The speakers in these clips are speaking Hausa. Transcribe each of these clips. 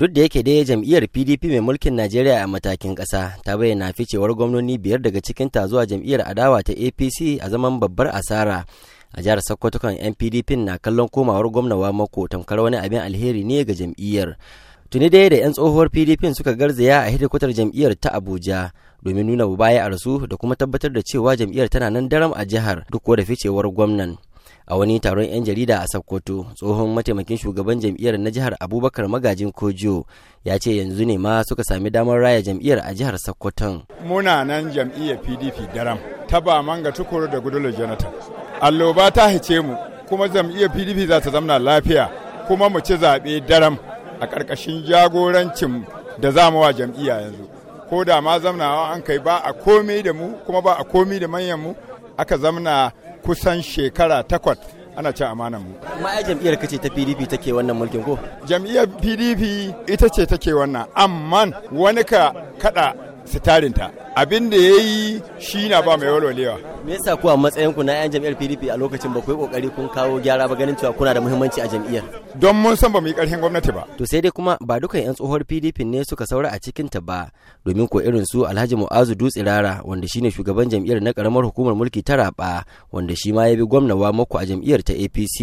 Duk da yake dai jam'iyyar PDP mai mulkin Najeriya a matakin ƙasa ta bayyana ficewar gwamnoni biyar daga cikin ta zuwa jam'iyyar adawa ta APC a zaman babbar asara. A jihar Sokoto kan 'yan PDP na kallon komawar gwamnawa mako tamkar wani abin alheri ne ga jam'iyyar. Tuni dai da 'yan tsohuwar PDP suka garzaya a hidikotar jam'iyyar ta Abuja domin nuna rasu, da kuma tabbatar da cewa jam'iyyar tana nan daram a jihar duk da ficewar gwamnan. a wani taron 'yan jarida a sokoto tsohon mataimakin shugaban jam'iyyar na jihar abubakar magajin kojo ya ce yanzu ne ma suka sami damar raya jam'iyyar a jihar sokoton muna nan jam'iyyar pdp daram ba manga tukuru da gudulo jonathan alloba ta hice mu kuma jam'iyyar pdp za ta zamna lafiya kuma mu ci zaɓe daram a ƙarƙashin jagorancin da za mu wa jam'iyya yanzu ko da ma zamnawa an kai ba a komai da mu kuma ba a komai da manyan mu aka zamna kusan shekara takwas ana ci amana mu. Amma ai jam'iyyar kace ta PDP take wannan mulkin ko? Jam'iyyar PDP ita ce take wannan amma wani ka kada sitarinta abin da ya yi shi na ba mai walwalewa. Me yasa ku a matsayin ku na 'yan jam'iyyar PDP a lokacin ba ku yi kokari kun kawo gyara ba ganin cewa kuna da muhimmanci a jam'iyyar? don mun san ba mu yi gwamnati ba. To sai dai kuma ba dukan 'yan tsohuwar PDP ne suka saura a cikin ta ba domin ko irin su Alhaji Mu'azu Dutsirara wanda shine shugaban jam'iyyar na karamar hukumar mulki ta Raba wanda shi ma ya bi gwamnawa mako a jam'iyyar ta APC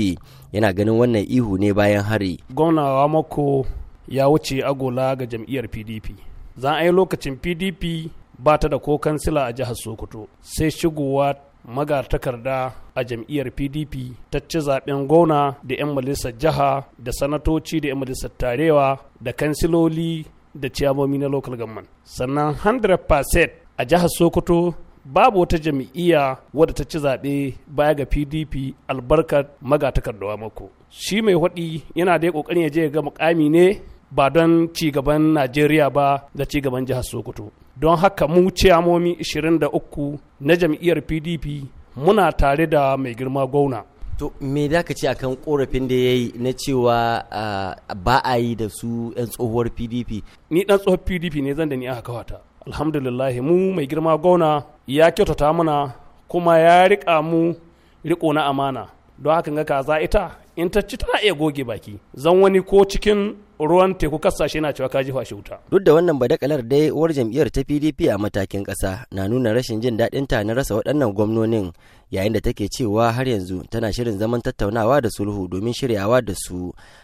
yana ganin wannan ihu ne bayan hari. Gwamnawa mako ya wuce agola ga jam'iyyar PDP. Za a yi lokacin PDP ba ta da ko kansila a jihar Sokoto sai shigowa magatakarda a jam'iyyar pdp ta ci zaben gona da 'yan majalisar jiha da sanatoci da 'yan majalisar tarewa da kansiloli da ciyamomi na local government sannan 100% a jihar sokoto babu wata jam'iyya wadda ta ci zaɓe baya ga pdp albarkar magatakarda mako shi mai haɗi yana da ƙoƙarin ya je ga mukami ne ba don cigaban najeriya ba da cigaban jihar sokoto don haka mu ciyamomi 23 na jam'iyyar pdp muna tare da mai girma gwauna to me da ka ce akan korafin da ya yi na cewa ba a yi da su 'yan tsohuwar pdp ni ɗan tsohuwar pdp ne zan da ni aka kawata alhamdulillah mu mai girma gwauna ya kyautata mana kuma ya riƙa mu riƙo na amana don haka ga kaza ita in ta ci tana iya goge baki zan wani ko cikin ruwan teku kasashe na cewa kaji fashe wuta. Duk da wannan badakalar dai uwar jam'iyyar ta PDP a matakin ƙasa na nuna rashin jin daɗin ta na rasa waɗannan gwamnonin yayin da take cewa har yanzu tana shirin zaman tattaunawa da sulhu domin shiryawa da su